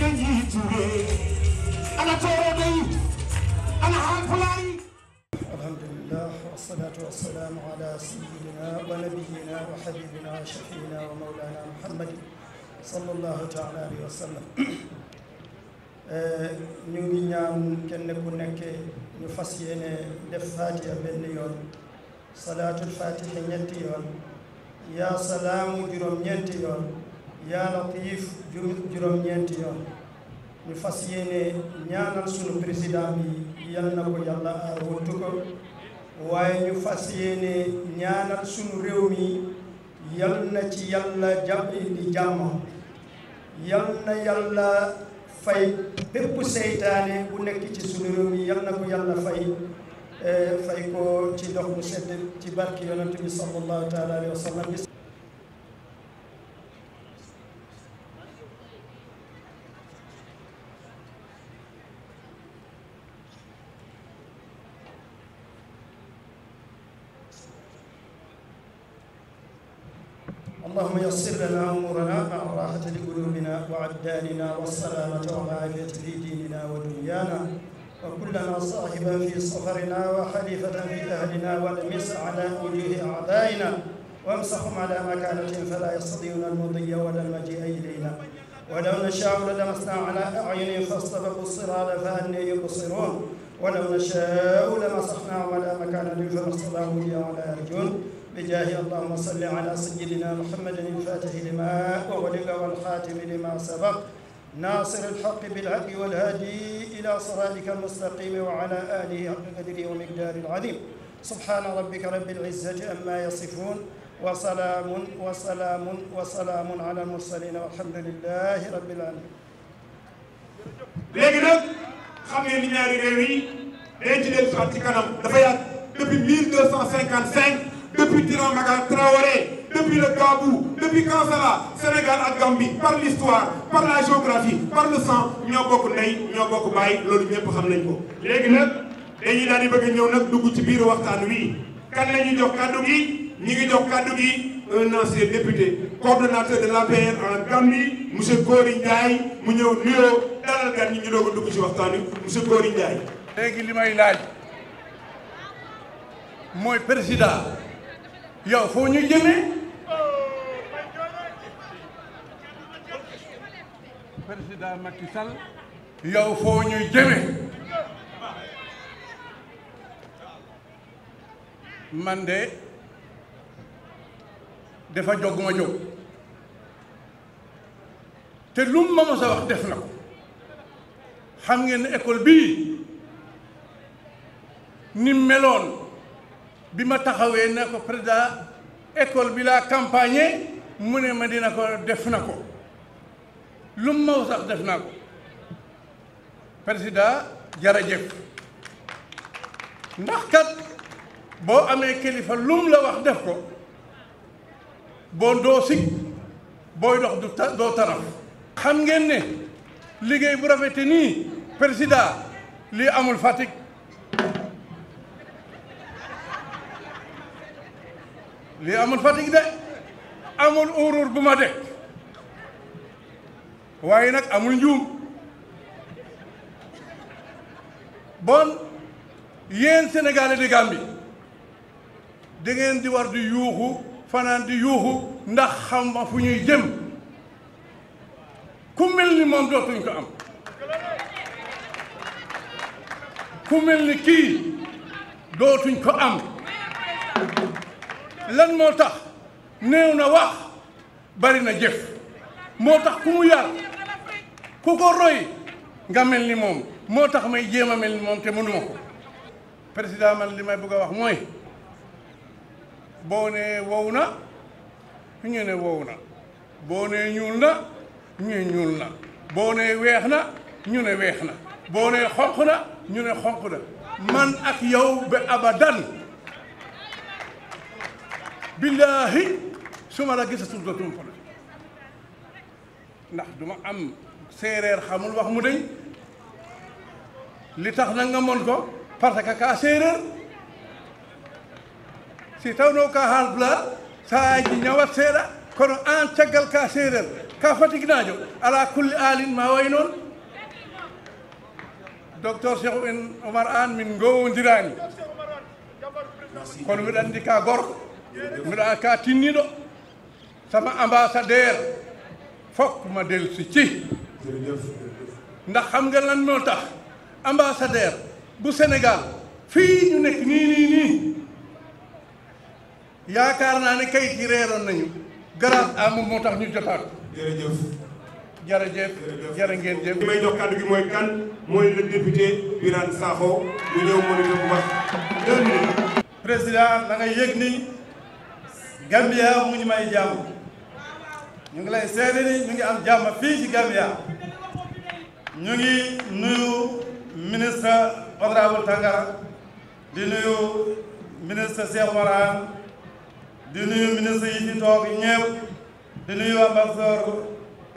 Ganji Touré ana Tooro day ana Haalpulaar yi alhamdulillah wassalatu wassalaamu ala sayyidina wa nabiyina wa habibina wa shafiina wa mawlana muhammadin sallallahu taala alayhi wa sallam eh, ñu ngi ñaan kenn ku nekk ñu fas yéene def fatiha benn yoon salaatul fatiha ñetti yoon yaa salaamu juróom ñeenti yoon yaa Latiif juróom-ñeenti yoon ñu fas yéene ñaanal sunu président bi yal na ko yàlla aar ko waaye ñu fas yéene ñaanal sunu réew mi yal na ci yàlla jàpp indi jàmm yal na yàlla fay bépp seytaane ku nekk ci sunu réew mi yal na ko yàlla fay eh, fay ko ci ndox mu ci barki yonent bi sallallahu taala alayhi wa sallam وسرنا وامورنا مع راحه قلوبنا وابداننا والسلامه والعافيه في ديننا ودنيانا وكلنا صاحبا في سفرنا وخليفه في اهلنا ونمس على وجوه اعدائنا وامسحهم على مكانتهم فلا يستطيعون المضي ولا المجيء الينا ولو نشاء للمسنا على اعينهم فاستبقوا الصراط فاني يبصرون ولو نشاء لمسخناهم على مكانتهم فما استطاعوا على ارجلهم بجاه اللهم صل على سيدنا محمد الفاتح لما أغلق والخاتم لما سبق ناصر الحق بالحق والهادي إلى صراطك المستقيم وعلى آله حق قدره ومقدار العظيم سبحان ربك رب العزة أما يصفون وسلام وسلام وسلام على المرسلين والحمد لله رب العالمين léegi nag xam ngeen ni ñaari réew yi dañ ci dellu si waat ci kanam dafa yàgg depuis 1255 depuis Dira Maga Traoré depuis le Gabou depuis Kansala Sénégal ak Gambie par l'histoire par la géographie par le sang ñoo bokk ndey ñoo bokk baay loolu ñëpp xam nañ ko. léegi nag dañuy daal di bëgg ñëw nag dugg ci biir waxtaan wi kan la ñu jox kaddu gi ñu ngi jox kaddu gi un ancien député coordonnateur de l'APR en Gambie monsieur Gori Ndiaye mu ñëw nuyoo dalal gan ñi ñu doog dugg ci waxtaan wi monsieur Gori Ndiaye. léegi li may laaj mooy président. yow foo ñuy jëmee président Macky Sall yow ñu jëmee man de dafa joguma jóg te lu mu ma mos a wax def na ko xam ngeen école bii ni meloon bi ma taxawee ne ko président école bi laa campagne mu ne ma dina ko def na ko lu mu maw def naa ko président jërëjëf ndax kat boo amee kilifa lum la wax def ko boo doosi sig booy dox du ta doo taraf xam ngeen ne liggéey bu rafete nii président lii amul Fatick lii amul Fatick de amul urur bu ma de waaye nag amul njuum bon yéen sénégalais de Gambie da di war di yuuxu fanaan di yuuxu ndax xam ma fu ñuy jëm ku mel ni moom dootuñ ko am ku mel ni kii dootuñ ko am lan moo tax néew na wax bari na jëf moo tax ku mu yar ku ko roy nga mel ni moom moo tax may jéem a mel ni moom te mënuma ko président man li may bëgg a wax mooy boo nee wow na ñu ne wow na boo nee ñuul na ñu ñuul na boo nee weex na ñu ne weex na boo nee xonq na ñu ne xonq na man ak yow ba abadan billaahi su ma la gisatul dootum ko ndax duma am séeréer xamul wax mu dey li tax na nga ko parce que kaa séeréer si taw noo kaa haal bula saa ji ñawat seeɗa kono aan caggal kaa séeréer kaa fatignaajo alaa kulli haalin maa way noon docteur Cheikh en Oumar Anne min ngoowondiraani kono mbiɗa anndi kaa a mbiɗa ka tinniɗo sama ambassadeur fokk ma si ci ndax xam nga lan moo tax ambassadeur bu senegal fii ñu nekk nii nii nii yaakaar naa ne kayit yi reeroon nañu grâce à moom moo tax ñu jotaat jërëjëf jërëjëf jërë ngeen jëf li may jox kàddu gi mooy kan mooy le député Birane Sakho mu ñëw président da yëg nii Gambia mu ngi may jàmm ñu ngi lay seede ni ñu ngi am jàmm fii ci Gambia ñu ngi nuyu ministre honorable Tangara di nuyu ministre Cheikh Moran di nuyu ministre yi ci toog ñëpp di nuyu ambassadeur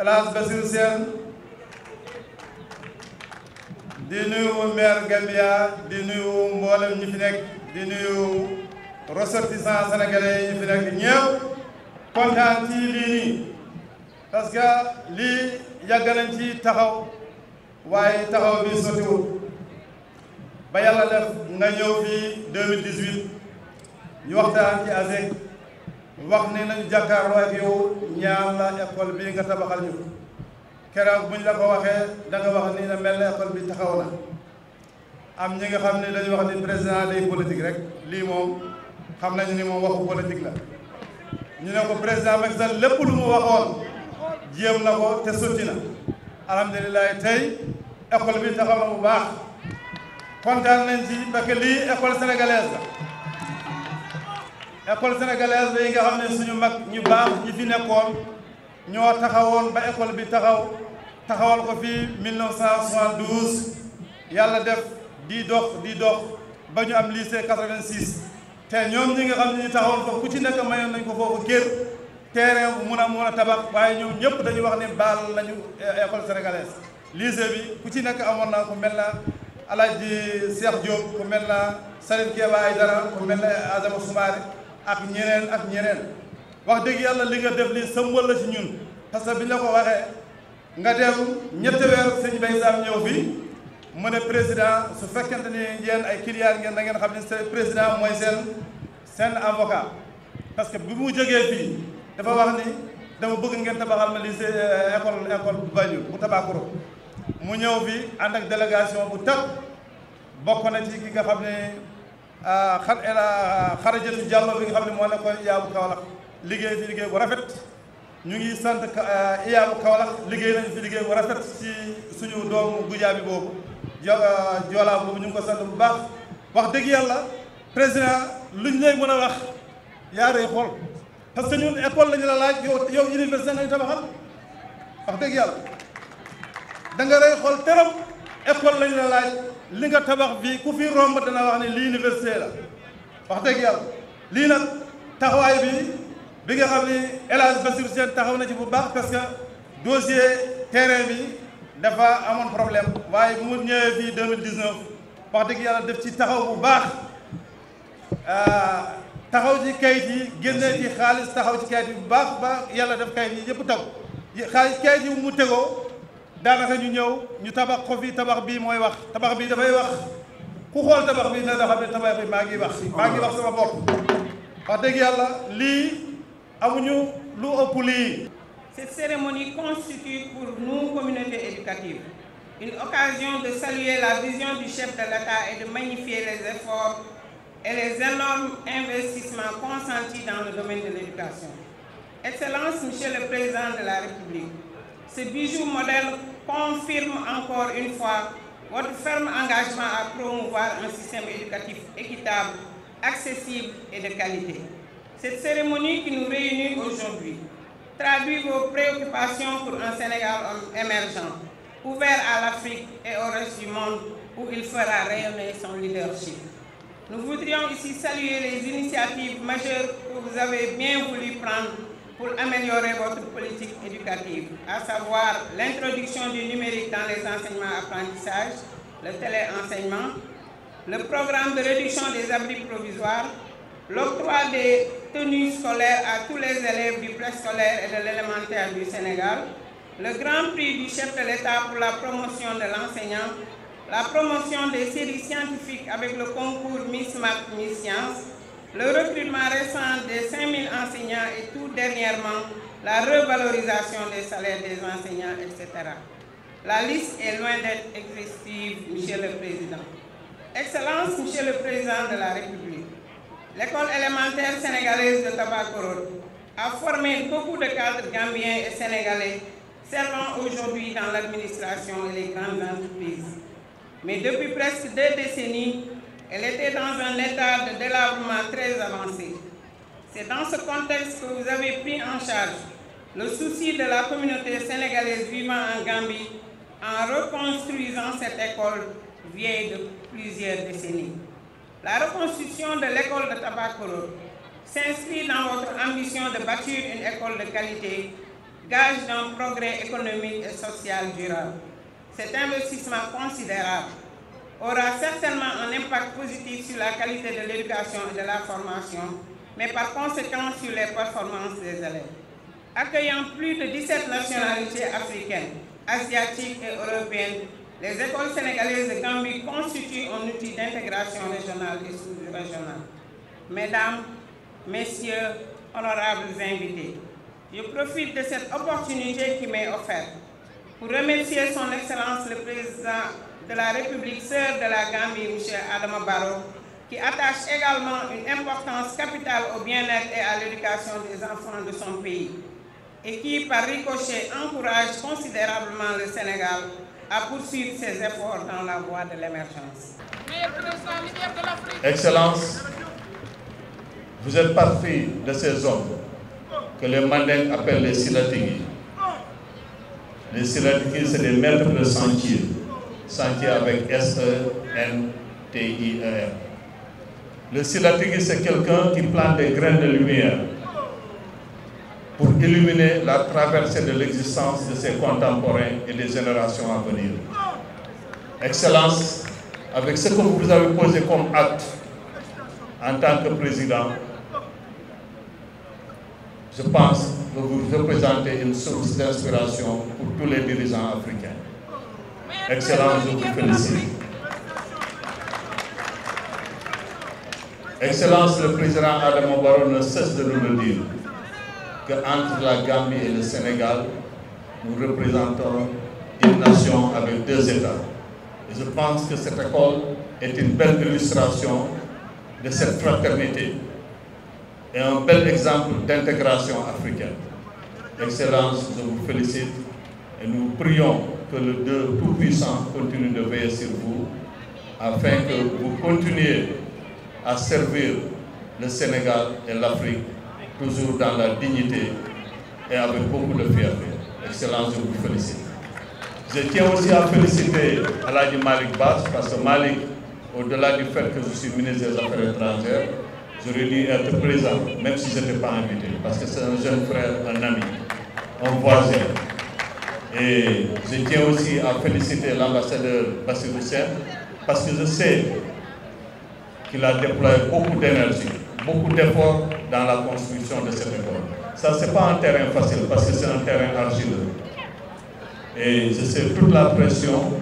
El Hadj Bassirou di nuyu maire Gambia di nuyu mboolem ñi fi di nuyu ressortissants sénégalais yi ñu fi nekk ñëpp kontaan ci lii nii parce que lii yàgg nañ ci taxaw waaye taxaw bi sottiwul ba yàlla def nga ñëw fii 2018 ñu waxtaan ci ASEC wax ne nañu jàkkaarloo ak yow ñaan la école bi nga tabaxal ñu keroog buñ la ko waxee da nga wax ni na mel na école bi taxaw na am ñi nga xam ne dañu wax ni président day politique rek lii moom xam nañu ni moom waxu politique la ñu ne ko président Macky Sall lépp lu mu waxoon jéem na ko te sotti na alhamdulilah tey école bi taxaw na bu baax kontaan nañ ci parce que école sénégalaise école sénégalaise la yi nga xam ne suñu mag ñu baax ñi fi nekkoon ñoo taxawoon ba école bi taxaw taxawal ko fii 1972 yàlla def di dox di dox ba ñu am lycée 86. te ñoom ñi nga xam ne ñu taxawoon foofu ku ci nekk mayoon nañ ko foofu kër terrain bu mun a mun a tabax waaye ñoom ñëpp dañuy wax ne baal lañu eh, école sénégalaise lycée bi ku ci nekk amoon naa ku mel na Alaaji Cheikh Diop ku mel na Salim Keba Aydara ku mel na Adama Soumaré ak ñeneen ak ñeneen wax dëgg yàlla li nga def li sëmbal la ci ñun parce que bi ñu ko waxe nga dem ñetti weer sëñ Bay Sam ñëw bi mu ne président su fekkente ni yéen ay client ngeen da ngeen xam ne seen président mooy seen seen avocat parce que bi mu jógee fii dafa wax ni dama bëgg ngeen tabaxal ma lycée euh, école école bu Banjul bu Tabakoro mu ñëw fii ànd ak délégation bu tëb bokk nañ ci ki nga xam ne euh, xar euh, xarajatu Diallo bi nga xam ne moo nekkoon iyaabu Kaolack liggéey fi liggéey bu rafet ñu ngi sant iyaabu Kaolack liggéey nañu fi liggéey bu rafet si suñu doomu gujaa boobu jo joolaa boobu ñu ngi ko sant bu baax wax dëgg yàlla président luñ lay mën a wax yaa rey xool parce que ñun école lañu la laaj yow yow université nañu tabaxal wax dëgg yàlla da nga rey xool teram école lañu la laaj li nga tabax bii ku fi romb dana wax ne lii université la wax dëgg yàlla lii nag taxawaay bi bi nga xam ni El Hadj Bassirou Sène taxaw na ci bu baax parce que dossier terrain bi dafa amoon problème waaye bu mu ñëwee fii 2019 wax dëgg yàlla def ci taxaw bu baax euh, taxaw ci kayit yi génnee ci xaalis taxaw ci kayit yi bu baax baax yàlla def kayit yi yëpp taw xaalis kayit yi mu tegoo daanaka ñu ñëw ñu tabax ko fii tabax bii mooy wax tabax bii dafay wax ku xool tabax bii na dafa ne tabax bi maa ngi wax maa ngi wax sama bopp wax dëgg yàlla lii amuñu lu ëpp lii Cette cérémonie constitue pour nous, communauté éducative, une occasion de saluer la vision du chef de l'État et de magnifier les efforts et les énormes investissements consentis dans le domaine de l'éducation. Excellence, Monsieur le Président de la République, ce bijou modèle confirme encore une fois votre ferme engagement à promouvoir un système éducatif équitable, accessible et de qualité. Cette cérémonie qui nous réunit aujourd'hui traduit vos préoccupations pour un Sénégal émergent, ouvert à l'Afrique et au reste du monde où il fera rayonner son leadership. Nous voudrions ici saluer les initiatives majeures que vous avez bien voulu prendre pour améliorer votre politique éducative, à savoir l'introduction du numérique dans les enseignements-apprentissages, le téléenseignement, le programme de réduction des abris provisoires, l'octroi des tenues scolaires à tous les élèves du préscolaire et de l'élémentaire du Sénégal, le Grand Prix du chef de l'État pour la promotion de l'enseignant, la promotion des séries scientifiques avec le concours Miss Math, Miss Science, le recrutement récent des 5000 enseignants et tout dernièrement la revalorisation des salaires des enseignants, etc. La liste est loin d'être exhaustive, Monsieur le Président. Excellence, Monsieur le Président de la République. L'école élémentaire sénégalaise de Tabacoro a formé beaucoup de cadres gambiens et sénégalais servant aujourd'hui dans l'administration et les grandes entreprises. Mais depuis presque deux décennies, elle était dans un état de délabrement très avancé. C'est dans ce contexte que vous avez pris en charge le souci de la communauté sénégalaise vivant en Gambie en reconstruisant cette école vieille de plusieurs décennies. La reconstruction de l'école de Tabakoro s'inscrit dans votre ambition de bâtir une école de qualité, gage d'un progrès économique et social durable. Cet investissement considérable aura certainement un impact positif sur la qualité de l'éducation et de la formation, mais par conséquence sur les performances des élèves. Accueillant plus de 17 nationalités africaines, asiatiques et européennes, Les écoles sénégalaises de Gambie constituent un outil d'intégration régionale et sous-régionale. Mesdames, Messieurs, honorables invités, je profite de cette opportunité qui m'est offerte pour remercier Son Excellence le Président de la République sœur de la Gambie, M. Adama Barrow, qui attache également une importance capitale au bien-être et à l'éducation des enfants de son pays et qui, par ricochet, encourage considérablement le Sénégal à poursuivre ses efforts dans de l'émergence. Excellence, vous êtes partie de ces hommes que les Mandingues appellent les Silatigui. Les Silatigui, c'est des maîtres de sentier. Sentier avec S-E-N-T-I-E-R. le Silatigui, c'est quelqu'un qui plante des graines de lumière pour illuminer la traversée de l'existence de ses contemporains et des générations à venir. Excellence, avec ce que vous avez posé comme acte en tant que président, je pense que vous représentez une source d'inspiration pour tous les dirigeants africains. Excellence, le président Adam Barrow ne cesse de nous le dire. que entre la Gambie et le Sénégal, nous représentons une nation avec deux États. Et je pense que cette école est une belle illustration de cette fraternité et un bel exemple d'intégration africaine. Excellence, je vous félicite et nous prions que le Dieu Tout-Puissant continue de veiller sur vous afin que vous continuiez à servir le Sénégal et l'Afrique toujours dans la dignité et avec beaucoup de fierté. Excellence, je vous félicite. Je tiens aussi à féliciter Aladi Malik Bass parce que Malik, au-delà du fait que je suis ministre des Affaires étrangères, j'aurais dû être présent, si je n'étais pas invité, parce que c'est un jeune frère, un ami, un voisin. Et je tiens aussi à féliciter l'ambassadeur Bassir Hussein parce que je sais qu'il a déployé beaucoup d'énergie, beaucoup d'efforts dans la construction de cette école. Ça, ce n'est pas un terrain facile parce que c'est un terrain argileux. Et je la pression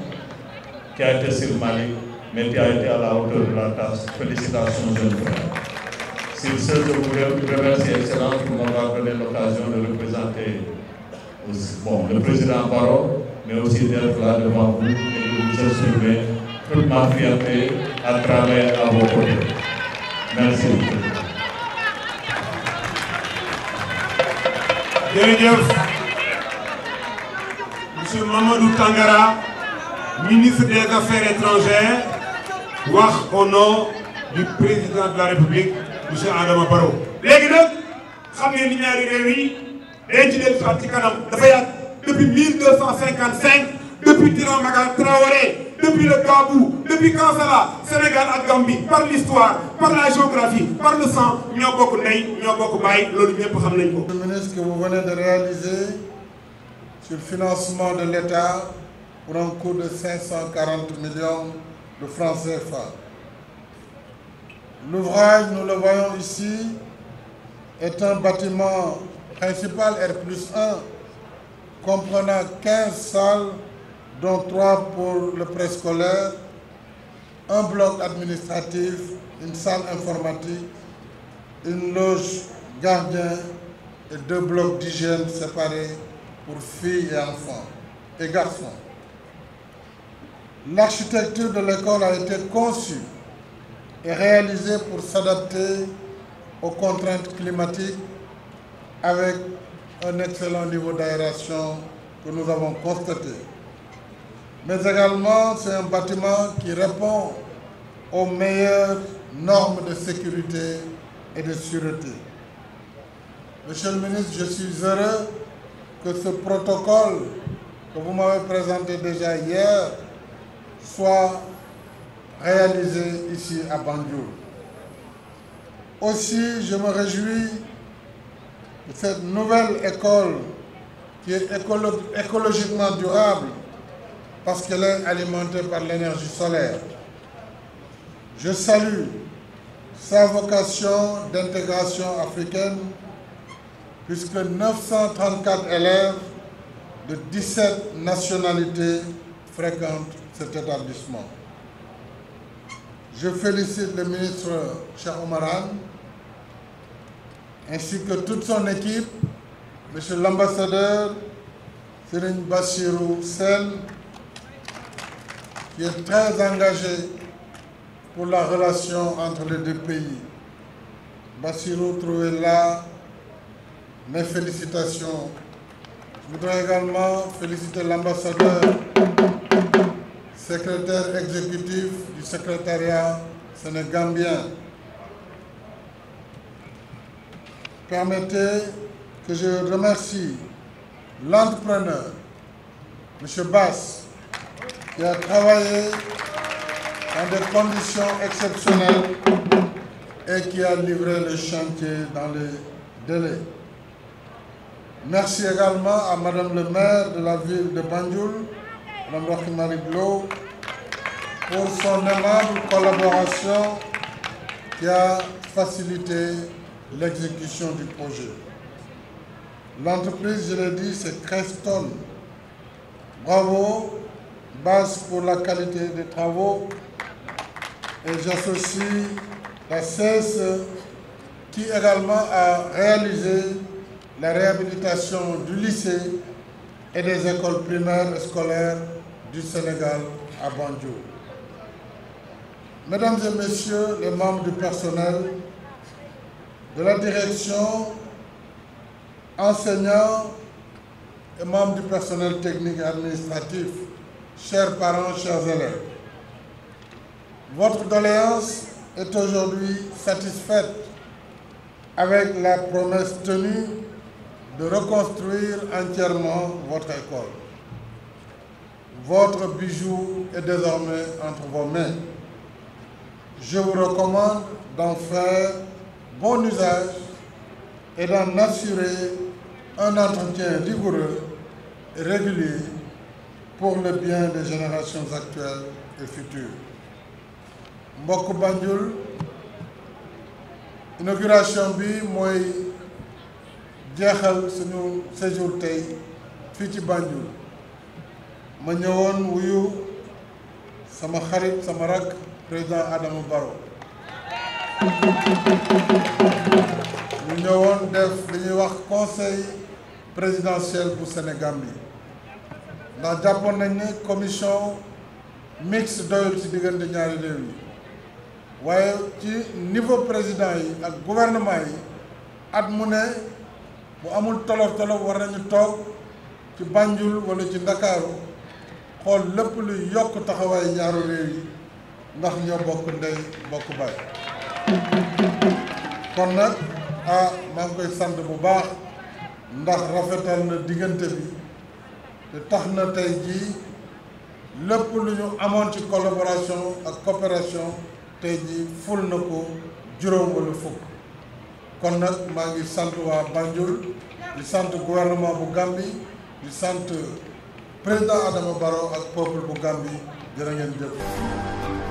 qui a été sur Mali, mais a été à la hauteur de la tâche. Félicitations, jeune frère. Sur ce, je vous remercie, Excellence, pour m'avoir donné l'occasion de représenter bon, le président Barreau, mais aussi d'être là devant vous et de vous assurer toute ma fierté à travailler à vos côtés. Merci jërëjëf monsieur Mamadou Tangara ministre des affaires étrangères wax au nom du président de la république monsieur Adama Barrow. léegi nag xam ni ñaari réew yi dañ ci dellu ci kanam depuis depuis Djinan Magal Traoré. depuis le Kabou depuis Kansala Sénégal ak par l'histoire par la géographie par le sang ñoo bokk ndey ñoo bokk baay loolu ñëpp xam nañ ko. le ministre que de réaliser de l'État pour un coût de 540 millions de francs CFA. L'ouvrage, nous le voyons ici, est bâtiment principal R+1 comprenant 15 donc trois pour le préscolaire, un bloc administratif, une salle informatique, une loge gardien et deux blocs d'hygiène séparés pour filles et enfants et garçons. L'architecture de l'école a été conçue et réalisée pour s'adapter aux contraintes climatiques avec un excellent niveau d'aération que nous avons constaté. mais également c'est un bâtiment qui répond aux meilleures normes de sécurité et de sûreté. Monsieur le ministre, je suis heureux que ce protocole que vous m'avez présenté déjà hier soit réalisé ici à Banjul. Aussi, je me réjouis de cette nouvelle école qui est écologiquement durable parce que l'un alimenté par l'énergie solaire. Je salue sa vocation d'intégration africaine puisque 934 élèves de 17 nationalités fréquentent cet établissement. Je félicite le ministre Cheikh Omaran ainsi que toute son équipe, monsieur l'ambassadeur Serigne Bassirou Sène qui est la relation entre les deux pays. Bassirou Trouella, mes félicitations. Je voudrais également féliciter l'ambassadeur, secrétaire exécutif du secrétariat sénégambien. Permettez que je remercie l'entrepreneur, M. Bass, qui a travaillé dans des conditions exceptionnelles et qui a livré le chantier dans les délais. Merci également à Madame le maire de la ville de Banjul, Mme Rochimari pour son aimable collaboration qui a facilité l'exécution du projet. L'entreprise, je l'ai dit, c'est Creston. Bravo base pour la qualité des travaux et j'associe la CES qui également a réalisé la réhabilitation du lycée et des écoles primaires et scolaires du Sénégal à Banjou. Mesdames et Messieurs les membres du personnel de la direction, enseignants et membres du personnel technique et administratif, chers parents, chers élèves, votre doléance est aujourd'hui satisfaite avec la promesse tenue de reconstruire entièrement votre école. Votre bijou est désormais entre vos mains. Je vous recommande d'en faire bon usage et d'en assurer un entretien rigoureux, régulier pour le bien des générations actuelles et futures mbokk Banjul inauguration bi mooy jeexal suñu séjour tey fii ci Banjul ma ñëwoon wuyu sama xarit sama rak président Adama baro ñu ñëwoon def li ñuy wax conseil présidentiel bu Sénégambie ndax jàppoon nañ ne commission mixte doyul ci diggante ñaari réew yi waaye ci niveau président yi ak gouvernement yi at mu ne bu amul tolof tolof war nañu toog ci bànjul wala ci Ndakaaru xool lépp luy yokk taxawaayu ñaaru réew yi ndax ñoo bokk ndey bokk baay kon nag ah maa ngi koy sant bu baax ndax rafetal na diggante bi te tax na tey jii lépp lu ñu amoon ci collaboration ak coopération tey jii ful na ko juróom wala fukk kon nag maa ngi sant waa Banjul di sant gouvernement bu Gambie di sant président Adama Barrow ak peuple bu Gambie jërë ngeen jëf